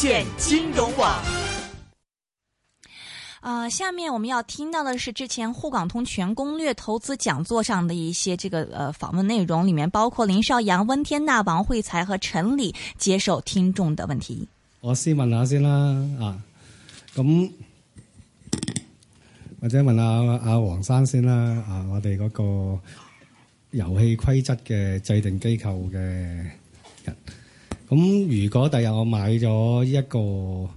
建金融網。啊，下面我們要聽到的是之前滬港通全攻略投資講座上的一些這個呃訪問內容，裏面包括林少陽、溫天納、王匯材和陳李接受聽眾的問題。我先問下先啦，啊，咁或者問阿阿黃生先啦，啊，我哋嗰個遊戲規則嘅制定機構嘅人。啊咁如果第日我買咗一個誒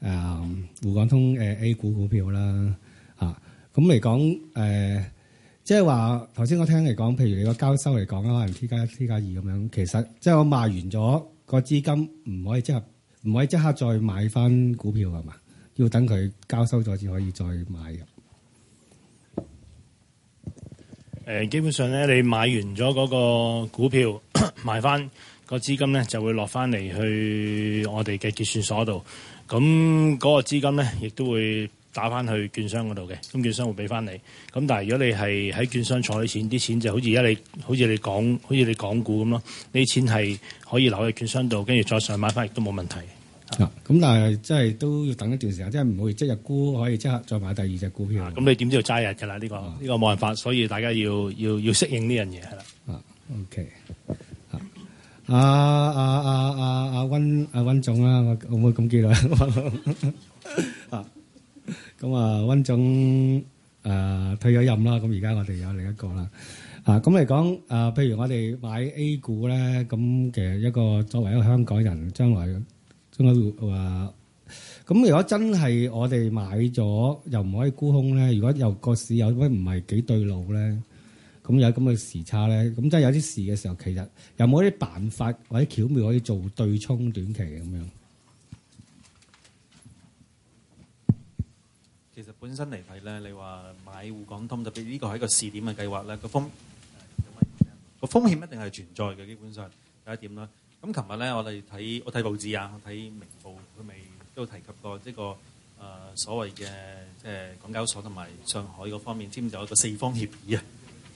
滬港通誒 A 股股票啦，嚇咁嚟講誒，即係話頭先我聽嚟講，譬如你個交收嚟講啦，可能 T 加一 T 加二咁樣，其實即係、就是、我賣完咗、個資金唔可以即係唔可以即刻再買翻股票係嘛？要等佢交收咗至可以再買入。誒、呃，基本上咧，你買完咗嗰個股票賣翻。 買嗰個資金咧就會落翻嚟去我哋嘅結算所度，咁嗰個資金咧亦都會打翻去券商嗰度嘅，咁券商會俾翻你。咁但係如果你係喺券商儲啲錢，啲錢就好似而家你，好似你講，好似你港股咁咯，啲錢係可以留喺券商度，跟住再上買翻亦都冇問題。啊，咁但係真係都要等一段時間，即係、會即係唔可以即日沽，可以即刻再買第二隻股票。咁、啊、你點知要揸日㗎啦，呢、呢個呢、啊呢個冇辦法，所以大家要要要適應呢樣嘢啦。啊、o、okay. k 阿阿阿阿阿溫阿溫總啊，我我冇咁叫啦，啊，咁啊溫總誒退咗任啦，咁而家我哋有另一個啦，啊咁嚟講，誒譬如我哋買 A 股咧，咁其實一個作為一個香港人，將來將來話，咁如果真係我哋買咗又唔可以沽空咧，如果又個市有啲唔係幾對路咧。咁有咁嘅時差咧，咁真係有啲事嘅時候，其實有冇啲辦法或者巧妙可以做對沖短期咁樣？其實本身嚟睇咧，你話買滬港通，特別呢個係一個試點嘅計劃咧，個風個風險一定係存在嘅，基本上第一點啦。咁琴日咧，我哋睇我睇報紙啊，我睇明報佢咪都提及過呢個誒所謂嘅即係港交所同埋上海嗰方面簽咗一個四方協議啊。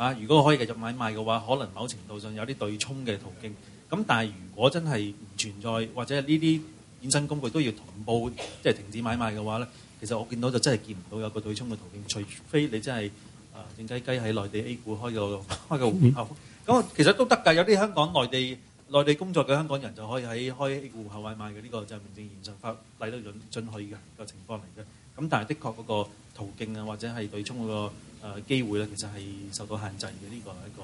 啊！如果可以繼續買賣嘅話，可能某程度上有啲對沖嘅途徑。咁但係如果真係唔存在，或者呢啲衍生工具都要同步即係停止買賣嘅話咧，其實我見到就真係見唔到有個對沖嘅途徑。除非你真係啊靜雞雞喺內地 A 股開個開個戶口，咁其實都得㗎。有啲香港內地。內地工作嘅香港人就可以喺開戶口，外賣嘅呢個就名正言順，現成法例都允準許嘅個情況嚟嘅。咁但係的確嗰個途徑啊，或者係對沖嗰個誒機會咧，其實係受到限制嘅，呢個係一個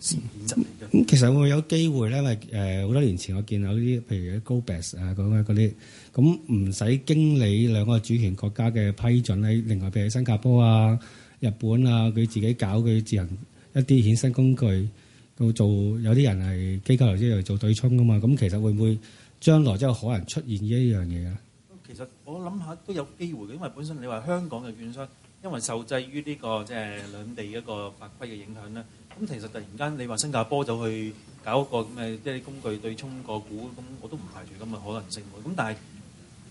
誒現實嚟嘅。咁其實會唔會有機會咧？因為誒好多年前我見有啲譬如 GoBears 啊嗰啲，咁唔使經理兩個主權國家嘅批准咧，另外譬如新加坡啊、日本啊，佢自己搞佢自行一啲衍生工具。做做有啲人係機構投資嚟做對沖㗎嘛，咁其實會唔會將來之後可能出現呢一樣嘢啊？咁其實我諗下都有機會嘅，因為本身你話香港嘅券商，因為受制於呢個即係兩地一個法規嘅影響咧，咁其實突然間你話新加坡就去搞一個咩即係工具對沖個股，咁我都唔排除咁嘅可能性。咁但係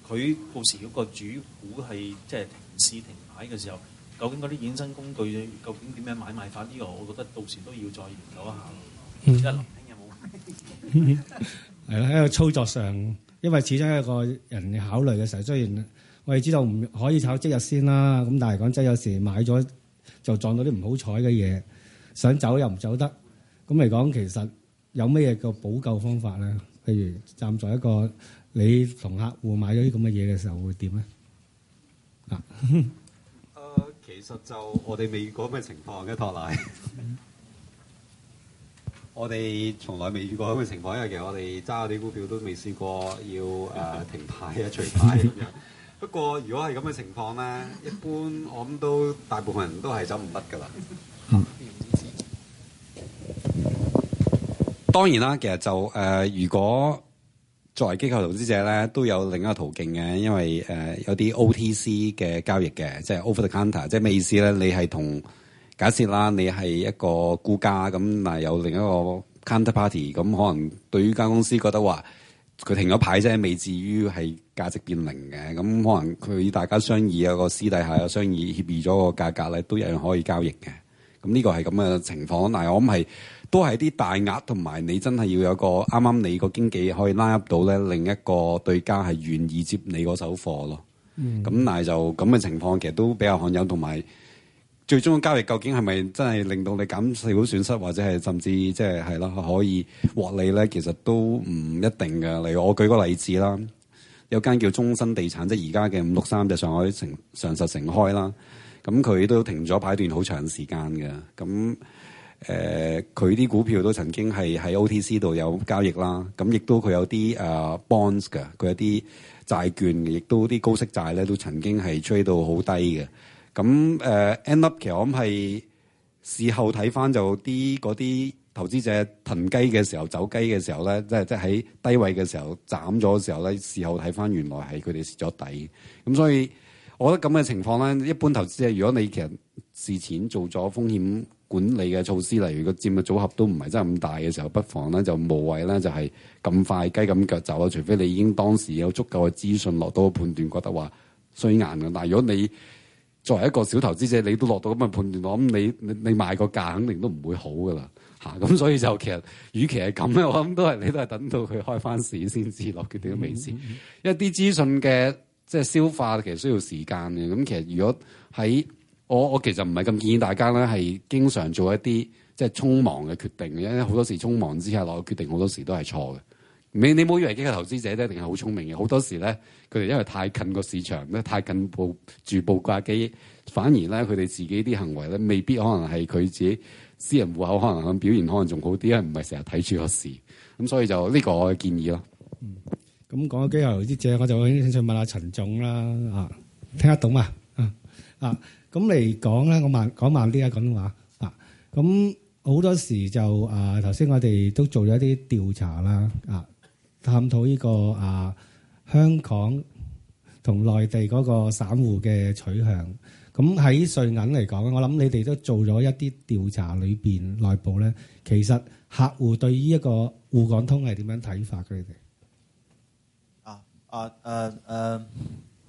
佢到時嗰個主股係即係停市停牌嘅時候。究竟嗰啲衍生工具究竟點樣買賣法？呢個我覺得到時都要再研究一下。一林聽有冇？係啦，喺個操作上，因為始終一個人考慮嘅時候，雖然我哋知道唔可以炒即日先啦，咁但係講真，有時買咗就撞到啲唔好彩嘅嘢，想走又唔走得。咁嚟講，其實有咩嘢個補救方法咧？譬如站在一個你同客戶買咗啲咁嘅嘢嘅時候，會點咧？嗱。其實就我哋未遇過咁嘅情況嘅托賴， 我哋從來未遇過咁嘅情況，因為其實我哋揸嗰啲股票都未試過要誒、呃、停牌啊、除牌咁樣。 不過如果係咁嘅情況咧，一般我諗都大部分人都係走唔甩噶啦。嗯， 當然啦，其實就誒、呃，如果。作為機構投資者咧，都有另一個途徑嘅，因為誒、呃、有啲 OTC 嘅交易嘅，即係 over the counter，即係咩意思咧？你係同假設啦，你係一個估價咁，嗱有另一個 counter party，咁可能對於間公司覺得話佢停咗牌啫，未至於係價值變零嘅，咁可能佢大家商議啊，個私底下有商議協議咗個價格咧，都一樣可以交易嘅。咁呢個係咁嘅情況，但係我諗係。都係啲大額同埋，你真係要有一個啱啱你個經紀可以拉入到咧，另一個對家係願意接你嗰手貨咯。咁、嗯、但係就咁嘅情況，其實都比較罕有，同埋最終嘅交易究竟係咪真係令到你減少損失，或者係甚至即係係咯可以獲利咧？其實都唔一定嘅。例如我舉個例子啦，有間叫中新地產，即係而家嘅五六三隻上海城上實城開啦。咁佢都停咗牌段好長時間嘅咁。誒佢啲股票都曾經係喺 OTC 度有交易啦，咁亦都佢有啲啊、呃、bonds 嘅，佢有啲債券，亦都啲高息債咧都曾經係吹到好低嘅。咁誒、呃、end up 其實我諗係事後睇翻就啲嗰啲投資者騰雞嘅時候走雞嘅時候咧，即係即係喺低位嘅時候斬咗嘅時候咧，事後睇翻原來係佢哋蝕咗底。咁所以我覺得咁嘅情況咧，一般投資者如果你其實事前做咗風險。管理嘅措施，例如個佔嘅組合都唔係真係咁大嘅時候，不妨咧就無謂啦，就係咁快雞咁腳走啊！除非你已經當時有足夠嘅資訊落到個判斷，覺得話衰硬㗎。但係如果你作為一個小投資者，你都落到咁嘅判斷，我諗你你你賣個價肯定都唔會好噶啦吓，咁 所以就其實與其係咁嘅我諗都係你都係等到佢開翻市先至落決定都未遲。事 一啲資訊嘅即係消化其實需要時間嘅。咁其實如果喺我我其實唔係咁建議大家咧，係經常做一啲即係匆忙嘅決定嘅，因為好多時匆忙之下落決定，好多時都係錯嘅。你你唔好以為機構投資者咧，一定係好聰明嘅，好多時咧佢哋因為太近個市場咧，太近報住報價機，反而咧佢哋自己啲行為咧，未必可能係佢自己私人戶口，可能佢表現可能仲好啲，唔係成日睇住個市咁，所以就呢、呢個我嘅建議咯。咁講咗機構投資者，我就想問下陳總啦，啊聽得懂嘛？啊啊！咁嚟講咧，我慢講慢啲啊，講話啊，咁好多時就啊，頭先我哋都做咗一啲調查啦，啊，探討呢個啊香港同內地嗰個散戶嘅取向。咁喺瑞銀嚟講，我諗你哋都做咗一啲調查裏面內部咧，其實客戶對呢一個滬港通係點樣睇法嘅？你哋啊啊、uh, uh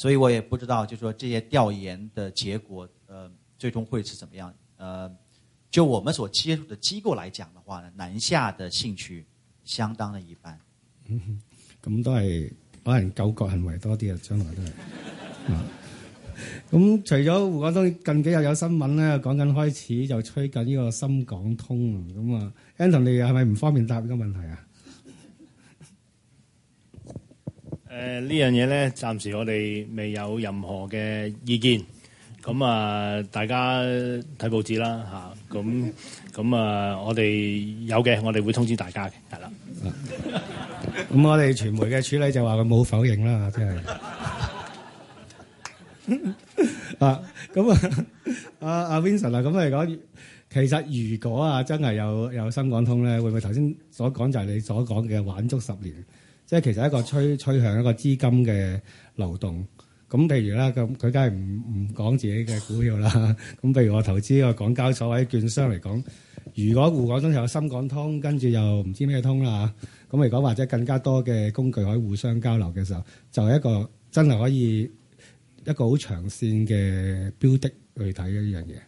所以我也不知道，就是說這些調研的結果，呃，最終會是怎麼樣？呃，就我們所接觸的機構來講的話呢，南下的興趣相當的一般。嗯哼，咁都係可能九國行為多啲啊，將來都係。咁、 嗯、除咗滬港通，近幾日有新聞咧，講緊開始就吹緊呢個深港通啊。咁啊，Anthony 你係咪唔方便答呢個問題啊？誒、呃，樣呢樣嘢咧，暫時我哋未有任何嘅意見，咁啊、呃，大家睇報紙啦吓，咁、啊、咁啊、啊，我哋有嘅，我哋會通知大家嘅，係啦。咁、啊、我哋傳媒嘅處理就話佢冇否認啦，即係、 啊。啊，咁啊，阿阿 Vincent 啊，咁嚟講，其實如果啊真係有有深港通咧，會唔會頭先所講就係你所講嘅玩足十年？即係其實一個趨趨向一個資金嘅流動咁。譬如啦，咁佢梗係唔唔講自己嘅股票啦。咁譬如我投資個港交所或者券商嚟講，如果滬港通有深港通，跟住又唔知咩通啦咁嚟講，或者更加多嘅工具可以互相交流嘅時候，就係、是、一個真係可以一個好長線嘅標的去睇嘅呢樣嘢。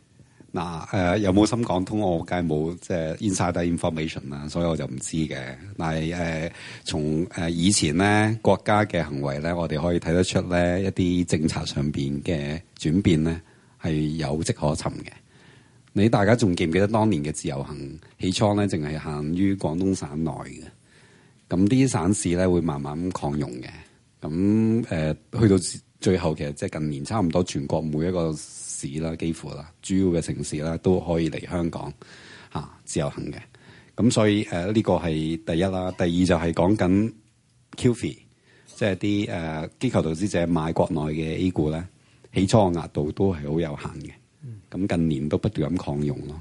嗱、啊、誒、呃，有冇深港通我沒有？梗係冇即係 inside information 啦，所以我就唔知嘅。但係誒、呃，從誒、呃、以前咧國家嘅行為咧，我哋可以睇得出咧一啲政策上面嘅轉變咧係有跡可尋嘅。你大家仲記唔記得當年嘅自由行起初咧，淨係限於廣東省內嘅。咁啲省市咧會慢慢擴容嘅。咁誒、呃，去到最後其實即係近年差唔多全國每一個。市啦，幾乎啦，主要嘅城市啦，都可以嚟香港嚇、啊、自由行嘅。咁所以誒，呢、呃呢個係第一啦。第二就係講緊 QFII，即係啲誒機構投資者買國內嘅 A 股咧，起初嘅額度都係好有限嘅。咁近年都不斷咁擴容咯。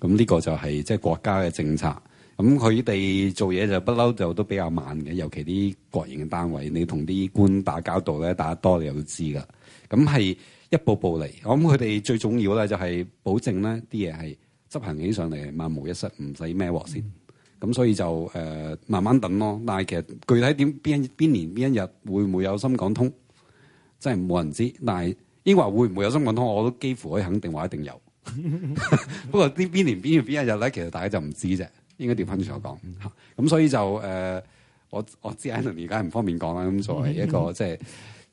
咁呢個就係即係國家嘅政策。咁佢哋做嘢就不嬲就都比較慢嘅，尤其啲國營嘅單位，你同啲官打交道咧打得多你，你又知㗎。咁係。一步步嚟，咁佢哋最重要咧就係保證咧啲嘢係執行起上嚟萬無一失，唔使孭鑊先。咁、嗯、所以就誒、呃、慢慢等咯。但係其實具體點，邊邊年邊一日會唔會有深港通，真係冇人知。但係應話會唔會有深港通，我都幾乎可以肯定話一定有。 不過啲邊年邊月邊一日咧，其實大家就唔知啫。應該調翻轉頭講吓，咁、嗯嗯嗯、所以就誒、呃，我我知 Andy 而家唔方便講啦。咁作為一個、嗯、即係誒。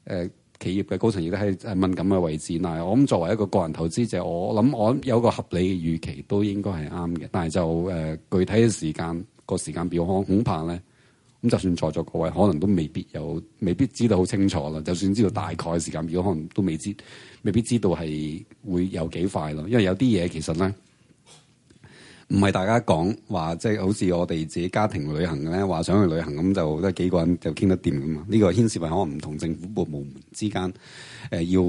呃企業嘅高層亦都喺係敏感嘅位置，但係我諗作為一個個人投資者，我諗我諗有個合理嘅預期，都應該係啱嘅。但係就誒、呃、具體嘅時間、個時間表，表，恐恐怕咧，咁就算在座各位可能都未必有，未必知道好清楚啦。就算知道大概嘅時間表，可能都未知，未必知道係會有幾快咯。因為有啲嘢其實咧。唔係大家講話，即係好似我哋自己家庭旅行咧，話想去旅行咁，就得係幾個人就傾得掂噶嘛。呢、這個牽涉係可能唔同政府部門之間，誒、呃、要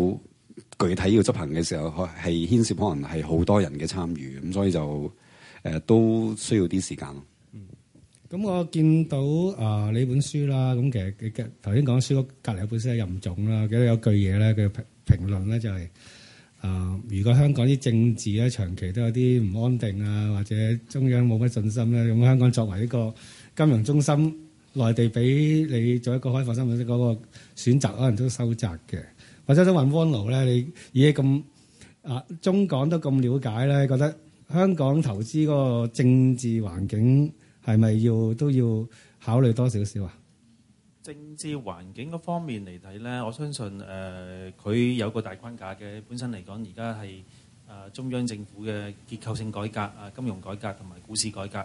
具體要執行嘅時候，係牽涉可能係好多人嘅參與，咁所以就誒、呃、都需要啲時間。嗯，咁我見到啊、呃、你本書啦，咁其實頭先講書隔離有本書係任總啦，記得有句嘢咧佢評評論咧就係、是。啊、呃！如果香港啲政治咧長期都有啲唔安定啊，或者中央冇乜信心咧，咁香港作為一個金融中心，內地俾你做一個開放身份嗰個選擇可能都收窄嘅。或者想問汪流咧，你而家咁啊中港都咁了解咧，覺得香港投資嗰個政治環境係咪要都要考慮多少少啊？政治環境嗰方面嚟睇咧，我相信誒佢有個大框架嘅。本身嚟講，而家係誒中央政府嘅結構性改革啊、金融改革同埋股市改革。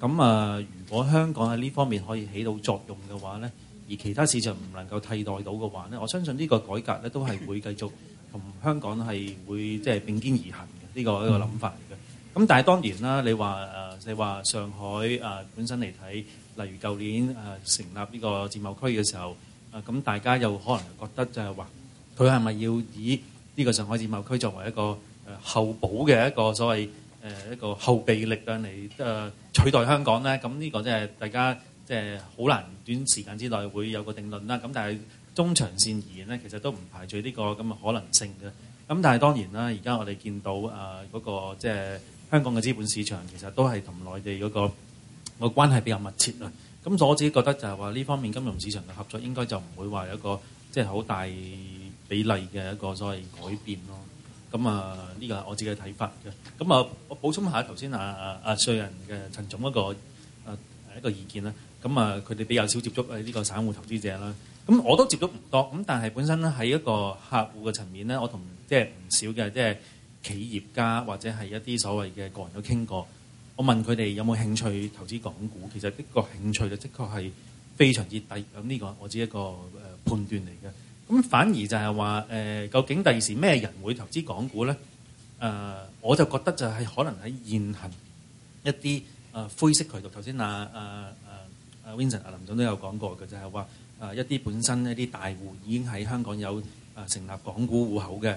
咁啊，如果香港喺呢方面可以起到作用嘅話咧，而其他市場唔能夠替代到嘅話咧，我相信呢個改革咧都係會繼續同香港係會即係並肩而行嘅，呢個係一個諗法嚟嘅。咁但係當然啦，你話誒你話上海誒本身嚟睇。例如舊年誒成立呢個自貿區嘅時候，誒咁大家又可能覺得就係話，佢係咪要以呢個上海自貿區作為一個誒候補嘅一個所謂誒一個後備力量嚟誒取代香港咧？咁呢個即係大家即係好難短時間之內會有個定論啦。咁但係中長線而言咧，其實都唔排除呢個咁嘅可能性嘅。咁但係當然啦，而家我哋見到誒嗰個即係香港嘅資本市場，其實都係同內地嗰個。個關係比較密切啦，咁所以我自己覺得就係話呢方面金融市場嘅合作應該就唔會話有一個即係好大比例嘅一個所謂改變咯。咁啊，呢個係我自己嘅睇法嘅。咁啊，我補充下頭先啊啊，瑞、啊啊、銀嘅陳總的一個啊一個意見啦。咁啊，佢哋比較少接觸呢個散戶投資者啦。咁我都接觸唔多，咁但係本身咧喺一個客戶嘅層面咧，我同即係唔少嘅即係企業家或者係一啲所謂嘅個人都傾過。我問佢哋有冇興趣投資港股，其實的個興趣就的確係非常之低。咁、這、呢個我只一個誒判斷嚟嘅。咁反而就係話誒，究竟第二時咩人會投資港股咧？誒，我就覺得就係可能喺現行一啲誒灰色渠道。頭先啊啊啊 Vincent 啊林總都有講過嘅，就係話誒一啲本身一啲大戶已經喺香港有誒成立港股戶口嘅。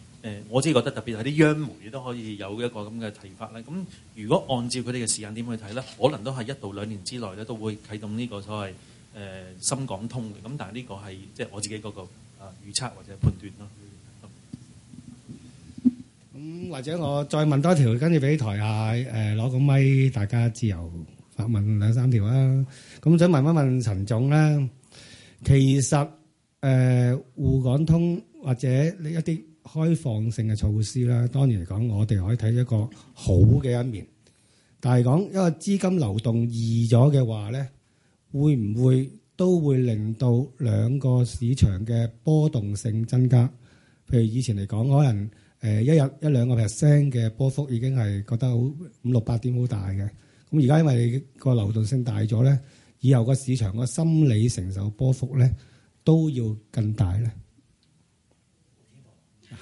誒，我自己覺得特別係啲央媒都可以有一個咁嘅提法咧。咁如果按照佢哋嘅時間點去睇咧，可能都係一到兩年之內咧都會啟動呢個所謂誒深港通嘅。咁但係呢個係即係我自己嗰個啊預測或者判斷咯。咁或者我再問多一條，跟住俾台下誒攞個咪，大家自由發問兩三條啦。咁想問一問陳總啦，其實誒滬港通或者一啲開放性嘅措施啦，當然嚟講，我哋可以睇一個好嘅一面。但係講因為資金流動易咗嘅話咧，會唔會都會令到兩個市場嘅波動性增加？譬如以前嚟講，可能誒一日一兩個 percent 嘅波幅已經係覺得好五六八點好大嘅。咁而家因為個流動性大咗咧，以後個市場個心理承受波幅咧都要更大咧。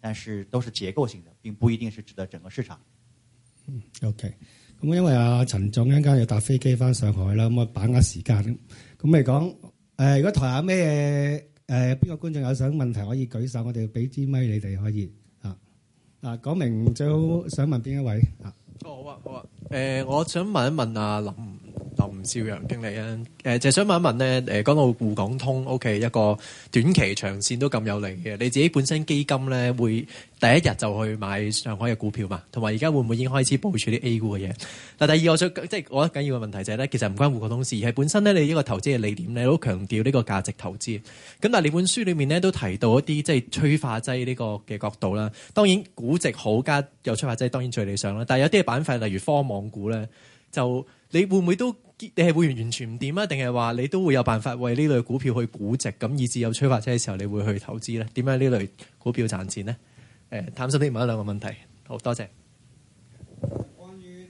但是都是結構性的，並不一定是指的整個市場。嗯，OK。咁因為阿陳總一陣要搭飛機返上海啦，咁啊把握時間。咁。咁嚟講，誒、呃、如果台下咩誒、邊、呃、個觀眾有想問題，可以舉手，我哋俾支咪你哋可以啊。嗱講，明最好想問邊一位啊？好啊好啊。誒、呃，我想問一問阿、啊、林。唔、嗯、少陽經理啊，誒、呃，就係、是、想問一問咧，誒、呃，講到滬港通 OK，一個短期長線都咁有利嘅，你自己本身基金咧，會第一日就去買上海嘅股票嘛？同埋而家會唔會已經開始部署啲 A 股嘅嘢？嗱，第二我想即係我最緊要嘅問題就係咧，其實唔關滬港通事，而係本身咧你呢個投資嘅理念咧，好強調呢個價值投資。咁但係你本書裏面咧都提到一啲即係催化劑呢個嘅角度啦。當然估值好加有催化劑，當然最理想啦。但係有啲嘅板塊，例如科網股咧，就你會唔會都？你係會完全唔掂啊？定係話你都會有辦法為呢類股票去估值，咁以至有催化劑嘅時候，你會去投資咧？點解呢類股票賺錢咧？誒、哎，坦率啲問一兩個問題。好多謝。關於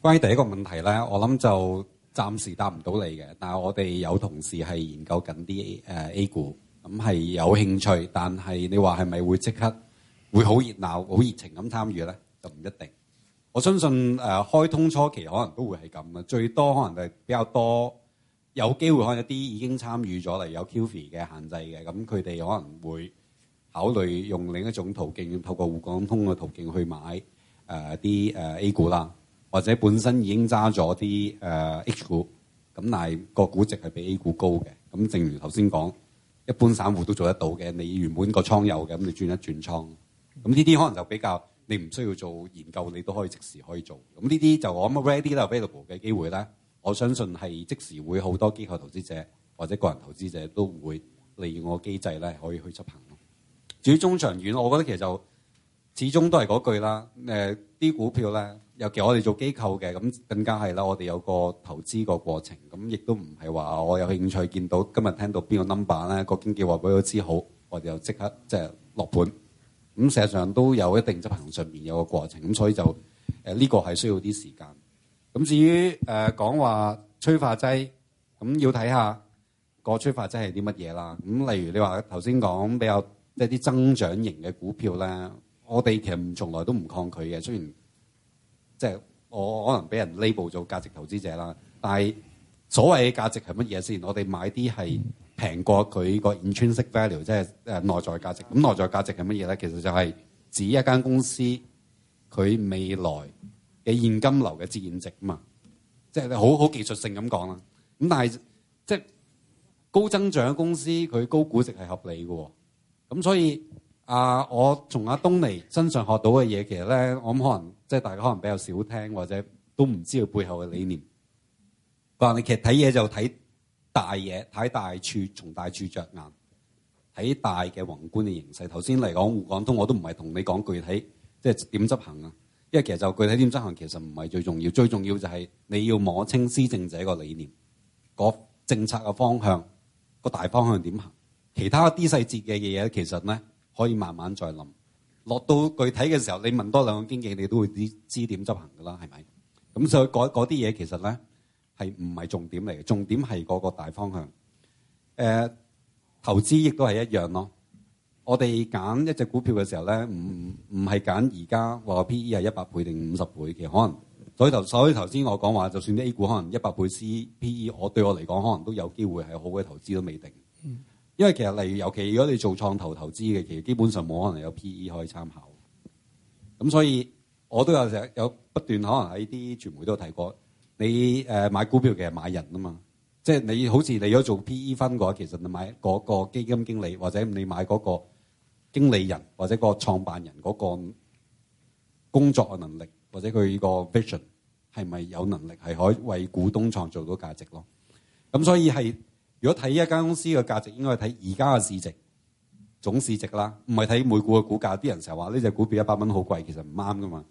關於第一個問題咧，我諗就暫時答唔到你嘅。但係我哋有同事係研究緊啲誒 A 股，咁係有興趣，但係你話係咪會即刻會好熱鬧、好熱情咁參與咧？就唔一定。我相信誒、呃、開通初期可能都會係咁嘅，最多可能係比較多有機會可能一啲已經參與咗嚟有 QFII 嘅限制嘅，咁佢哋可能會考慮用另一種途徑，透過滬港通嘅途徑去買誒啲誒 A 股啦，或者本身已經揸咗啲誒 H 股，咁但係個估值係比 A 股高嘅，咁正如頭先講，一般散戶都做得到嘅，你原本個倉有嘅，咁你轉一轉倉，咁呢啲可能就比較。你唔需要做研究，你都可以即時可以做。咁呢啲就我諗 ready available 嘅機會咧，我相信係即時會好多機構投資者或者個人投資者都會利用個機制咧，可以去執行。至於中長遠，我覺得其實就始終都係嗰句啦。誒、呃，啲股票咧，尤其我哋做機構嘅，咁更加係啦，我哋有個投資個過程，咁亦都唔係話我有興趣見到今日聽到邊個 number 咧，個經濟話比我之好，我哋就即刻即係落盤。咁、嗯、事實上都有一定執行上面有個過程，咁所以就誒呢、呃這個係需要啲時間。咁、嗯、至於誒、呃、講話催化劑，咁、嗯、要睇下個催化劑係啲乜嘢啦。咁、嗯、例如你話頭先講比較即啲、就是、增長型嘅股票咧，我哋其實從來都唔抗拒嘅。雖然即係、就是、我可能俾人 label 做價值投資者啦，但係所謂嘅價值係乜嘢先？我哋買啲係，平過佢個 intrinsic value，即係誒內在價值。咁內在價值係乜嘢咧？其實就係指一間公司佢未來嘅現金流嘅折現值嘛。即係好好技術性咁講啦。咁但係即係高增長公司佢高估值係合理嘅、哦。咁所以啊，我從阿東尼身上學到嘅嘢，其實咧我諗可能即係、就是、大家可能比較少聽，或者都唔知道背後嘅理念。但你其實睇嘢就睇。大嘢睇大處，從大處着眼，睇大嘅宏觀嘅形勢，頭先嚟講滬港通，我都唔係同你講具體，即係點執行啊。因為其實就具體點執行其實唔係最重要，最重要就係你要摸清施政者個理念，個政策嘅方向，個大方向點行。其他啲細節嘅嘢其實咧可以慢慢再諗。落到具體嘅時候，你問多兩個經紀，你都會知知點執行噶啦，係咪？咁所以嗰嗰啲嘢其實咧。係唔係重點嚟嘅？重點係嗰個大方向。誒、呃，投資亦都係一樣咯。我哋揀一隻股票嘅時候咧，唔唔唔係揀而家話 P E 係一百倍定五十倍嘅，可能所以頭所以頭先我講話，就算啲 A 股可能一百倍 C P E，我對我嚟講可能都有機會係好嘅投資都未定。因為其實例如尤其如果你做創投投資嘅，其實基本上冇可能有 P E 可以參考。咁所以我都有成日有不斷可能喺啲傳媒都提過。你誒買股票嘅其實買人啊嘛，即、就、係、是、你好似你如果做 PE fund 嘅話，其實你買嗰個基金經理或者你買嗰個經理人或者個創辦人嗰個工作嘅能力或者佢個 vision 係咪有能力係可以為股東創造到價值咯？咁所以係如果睇一間公司嘅價值，應該係睇而家嘅市值總市值啦，唔係睇每股嘅股價。啲人成日話呢隻股票一百蚊好貴，其實唔啱噶嘛，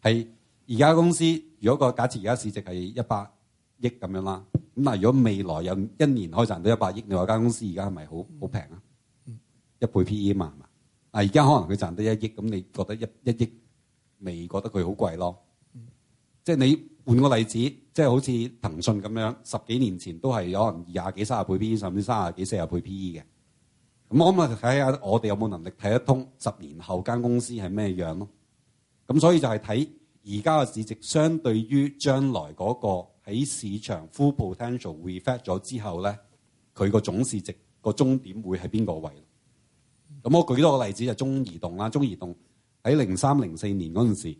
係。而家公司如果個假設而家市值係一百億咁樣啦，咁嗱如果未來有一年可以賺到一百億，你話間公司而家係咪好好平啊？一倍 P E 嘛係嘛？啊而家可能佢賺得一億，咁你覺得一一億未覺得佢好貴咯？即係你換個例子，即係好似騰訊咁樣，十幾年前都係可能廿幾、三十倍 P E 甚至三十幾、四十倍 P E 嘅。咁我咪睇下我哋有冇能力睇得通十年後間公司係咩樣咯？咁所以就係睇。而家嘅市值相對於將來嗰個喺市場 full potential reflect 咗之後咧，佢個總市值個終點會喺邊個位？咁我舉多個例子就中移動啦。中移動喺零三零四年嗰陣時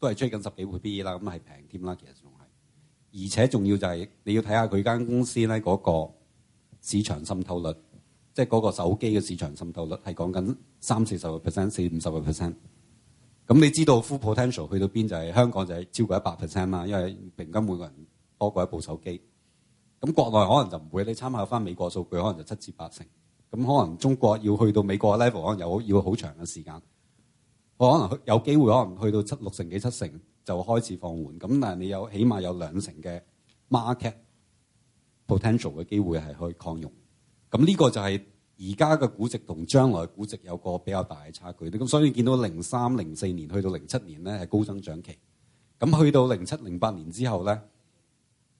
都係追緊十幾倍 B 啦，咁係平添啦。其實仲係，而且仲要就係你要睇下佢間公司咧嗰個市場滲透率，即係嗰個手機嘅市場滲透率係講緊三四十個 percent，四五十個 percent。咁你知道 full potential 去到邊就係、是、香港就係超過一百 percent 啦，因為平均每個人多過一部手機。咁國內可能就唔會，你參考翻美國數據，可能就七至八成。咁可能中國要去到美國 level，可能有要好長嘅時間。我可能有機會，可能去到七六成幾七成就開始放緩。咁但係你有起碼有兩成嘅 market potential 嘅機會係去擴容。咁呢個就係、是。而家嘅估值同將來估值有個比較大嘅差距。咁所以見到零三零四年去到零七年咧，係高增長期，咁去到零七零八年之後咧，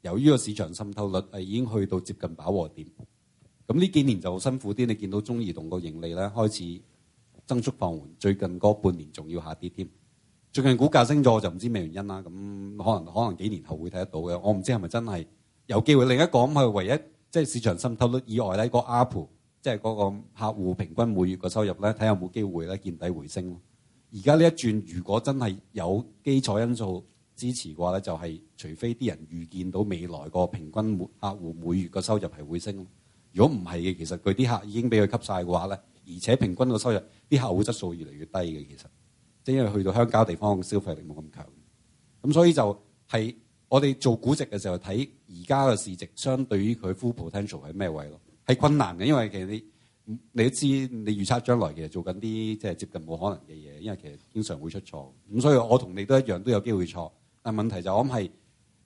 由於個市場滲透率係已經去到接近飽和點，咁呢幾年就好辛苦啲。你見到中移動個盈利咧，開始增速放緩，最近嗰半年仲要下跌添。最近股價升咗我就唔知咩原因啦。咁可能可能幾年後會睇得到嘅。我唔知係咪真係有機會。另一個咁係唯一即係、就是、市場滲透率以外咧個 a 即係嗰個客戶平均每月個收入咧，睇下有冇機會咧見底回升咯。而家呢一轉，如果真係有基礎因素支持嘅話咧，就係、是、除非啲人預見到未來個平均每客戶每月個收入係會升。如果唔係嘅，其實佢啲客已經俾佢吸晒嘅話咧，而且平均個收入啲客戶質素越嚟越低嘅，其實即係因為去到鄉郊地方消費力冇咁強。咁所以就係我哋做估值嘅時候睇而家嘅市值相對於佢 full potential 係咩位咯？係困難嘅，因為其實你你都知，你預測將來其實做緊啲即係接近冇可能嘅嘢，因為其實經常會出錯。咁所以我同你都一樣，都有機會錯。但係問題就我諗係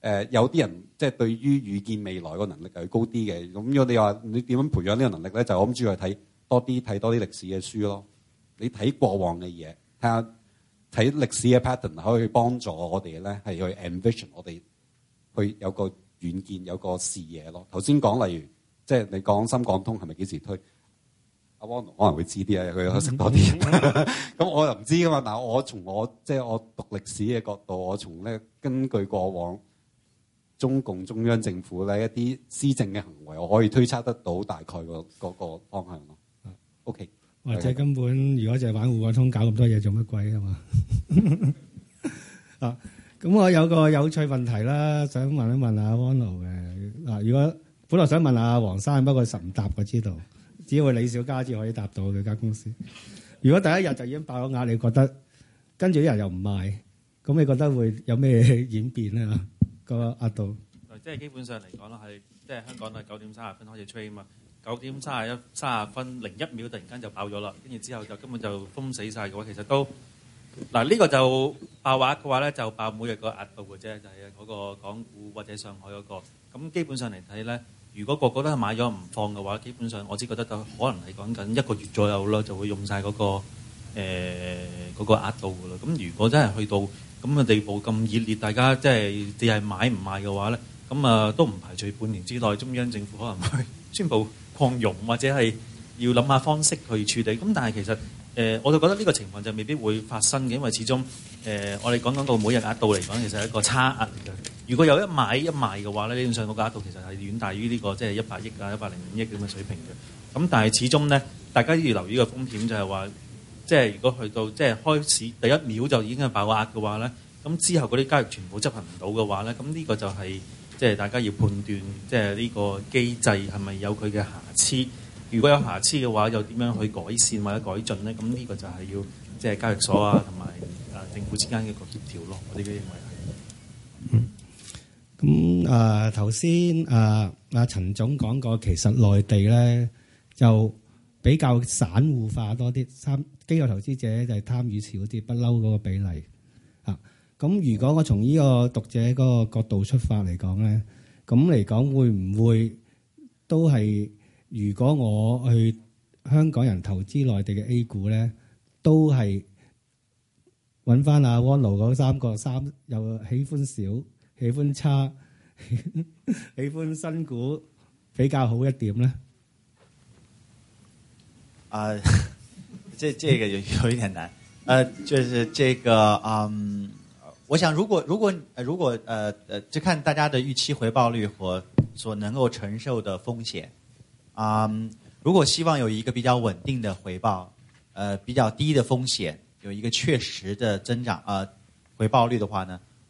誒，有啲人即係對於預見未來個能力係高啲嘅。咁如果你話你點樣培養呢個能力咧，就我諗主要係睇多啲睇多啲歷史嘅書咯。你睇過往嘅嘢，睇下睇歷史嘅 pattern，可以去幫助我哋咧，係去 envision 我哋去有個遠見，有個視野咯。頭先講例如。即係你講深港通係咪幾時推？阿汪農可能會知啲啊，佢識多啲。咁 我又唔知噶嘛。但係我從我即係、就是、我讀歷史嘅角度，我從咧根據過往中共中央政府咧一啲施政嘅行為，我可以推測得到大概個方向咯。 OK，或者根本 如果就係玩滬港通搞咁多嘢，做乜鬼啊嘛？ 啊！咁我有個有趣問題啦，想問一問阿汪農嘅嗱，如果。本來想問下黃生，不過實唔答我知道，只要李小加先可以答到佢間公司。如果第一日就已經爆咗額，你覺得跟住一日又唔賣，咁你覺得會有咩演變咧？個額度？即係基本上嚟講咧，係即係香港係九點三十分開始吹嘛，九點三十一三十分零一秒突然間就爆咗啦，跟住之後就根本就封死曬嘅話，其實都嗱呢個就爆話嘅話咧，就爆每日個額度嘅啫，就係嗰個港股或者上海嗰個。咁基本上嚟睇咧。如果個個都係買咗唔放嘅話，基本上我只覺得可能係講緊一個月左右咯，就會用晒嗰個誒嗰個額度噶啦。咁如果真係去到咁嘅地步咁熱烈，大家即係只係買唔買嘅話咧，咁啊都唔排除半年之內中央政府可能會宣布擴容或者係要諗下方式去處理。咁但係其實誒、呃，我就覺得呢個情況就未必會發生嘅，因為始終誒、呃、我哋講講個每日額度嚟講，其實係一個差額嚟嘅。如果有一買一賣嘅話呢，基本上個額度其實係遠大於呢、呢個即係一百億啊、一百零五億咁嘅水平嘅。咁但係始終呢，大家要留意個風險就係話，即、就、係、是、如果去到即係、就是、開始第一秒就已經係爆額嘅話呢，咁之後嗰啲交易全部執行唔到嘅話呢，咁呢個就係即係大家要判斷，即係呢個機制係咪有佢嘅瑕疵？如果有瑕疵嘅話，又點樣去改善或者改進呢？咁呢個就係要即係、就是、交易所啊同埋啊政府之間嘅一個協調咯。我哋都認為係。咁啊，頭先啊陳總總講過，其實內地咧就比較散戶化多啲，三、機構投資者就係參與少啲，不嬲嗰個比例咁、啊、如果我從呢個讀者嗰個角度出發嚟講咧，咁嚟講會唔會都係？如果我去香港人投資內地嘅 A 股咧，都係揾翻阿 w a 嗰三個三又喜歡少，喜歡差，喜歡新股比較好一點呢？啊、uh, 這這個有有一點難。呃、uh,，就是這個，嗯、um,，我想如果如果如果，呃，呃、uh,，就看大家的預期回報率和所能夠承受的風險。嗯、um,，如果希望有一個比較穩定的回報，呃、uh,，比較低的風險，有一個確實的增長，呃、uh,，回報率的話呢？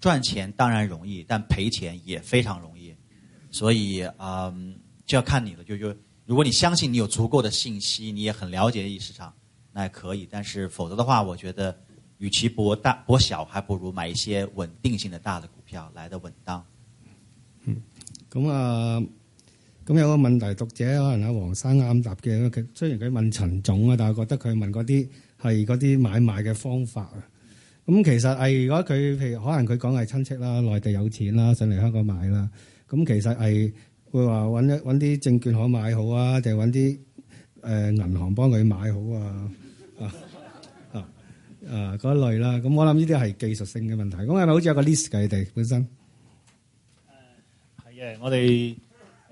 賺錢當然容易，但賠錢也非常容易，所以嗯，就要看你了。就就如果你相信你有足夠的信息，你也很了解意市場，那也可以。但是否則的話，我覺得與其博大博小，還不如買一些穩定性的大的股票來得穩當。嗯，咁、嗯、啊，咁、嗯嗯、有個問題，讀者可能阿黃生啱答嘅，佢雖然佢問陳總啊，但係我覺得佢問嗰啲係嗰啲買賣嘅方法啊。咁其實係，如果佢譬如可能佢講係親戚啦，內地有錢啦，上嚟香港買啦，咁其實係會話揾一揾啲證券可買好啊，定係揾啲誒銀行幫佢買好 啊，啊啊嗰類啦。咁我諗呢啲係技術性嘅問題。咁係咪好似有個 list 嘅？你哋本身？係啊，我哋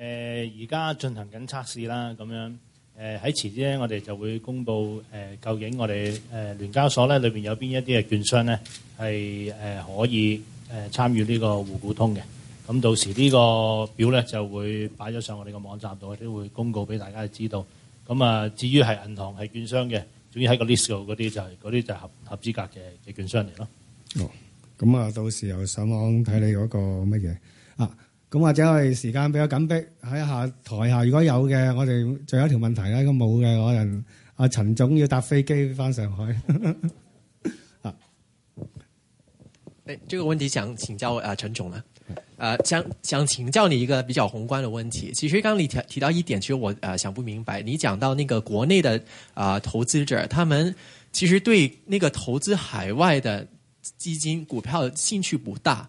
誒而家進行緊測試啦，咁樣。誒喺遲啲咧，我哋就會公布誒究竟我哋誒聯交所咧裏邊有邊一啲嘅券商咧係誒可以誒參與呢個滬港通嘅。咁到時呢個表咧就會擺咗上我哋個網站度，都會公告俾大家知道。咁啊，至於係銀行係券商嘅，總之喺個 list 度嗰啲就係嗰啲就合合資格嘅嘅券商嚟咯。哦，咁啊，到時又上網睇你嗰個乜嘢啊？咁或者我哋時間比較緊迫，睇下台下如果有嘅，我哋仲有一條問題咧，咁冇嘅可能阿陳總要搭飛機返上海。啊，誒，這個問題想請教阿、呃、陳總啦，誒、呃，想想請教你一個比較宏觀嘅問題。其實剛，剛你提提到一點，其實我啊、呃、想不明白，你講到那個國內的啊、呃、投資者，他們其實對那個投資海外的基金股票的興趣不大。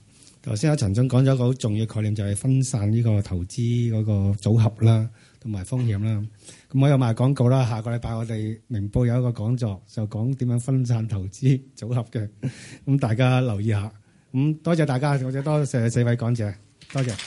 頭先阿陳總講咗一個好重要概念，就係分散呢個投資嗰個組合啦，同埋風險啦。咁我又賣廣告啦，下個禮拜我哋明報有一個講座，就講點樣分散投資組合嘅，咁大家留意下。咁多謝大家，我哋多謝四位講者，多謝。